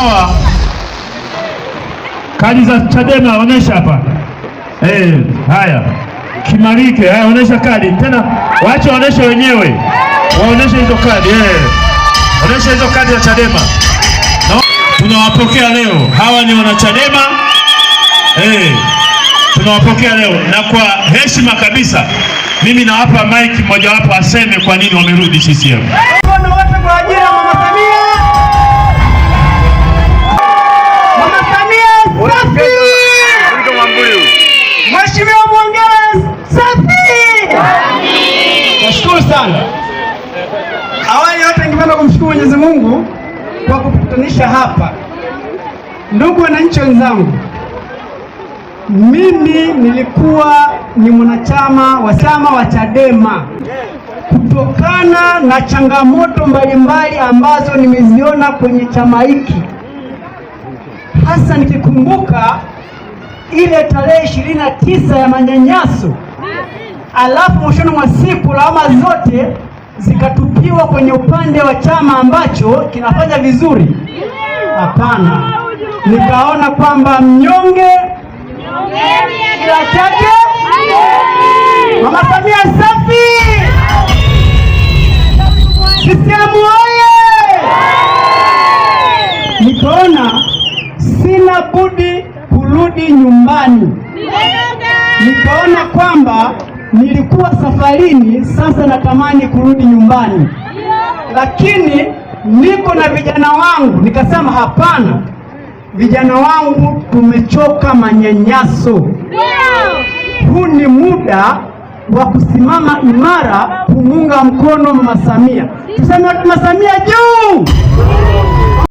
hawa kadi za Chadema onyesha hapa. eh, haya Kimarike, haya onyesha kadi tena, waache waonyeshe wenyewe, waonyeshe hizo kadi eh, Onyesha hizo kadi za Chadema no? Tunawapokea leo, hawa ni wanachadema eh, Tunawapokea leo na kwa heshima kabisa, mimi nawapa mike wapo aseme kwa nini wamerudi CCM. sana. Awali yote ningependa kumshukuru Mwenyezi Mungu kwa kukutanisha hapa. Ndugu wananchi wenzangu, mimi nilikuwa ni mwanachama wa chama wa Chadema kutokana na changamoto mbalimbali ambazo nimeziona kwenye chama hiki, hasa nikikumbuka ile tarehe ishirini na tisa ya manyanyaso alafu mwishoni mwa siku lawama zote zikatupiwa kwenye upande wa chama ambacho kinafanya vizuri? Hapana, nikaona kwamba mnyonge kila chake. Mama Samia safi! Sisiemu oye! Nikaona sina budi kurudi nyumbani, nikaona kwamba nilikuwa safarini, sasa natamani kurudi nyumbani, lakini niko na vijana wangu. Nikasema hapana, vijana wangu, tumechoka manyanyaso, huu ni muda wa kusimama imara, kumunga mkono Mama Samia, tuseme Mama Samia juu.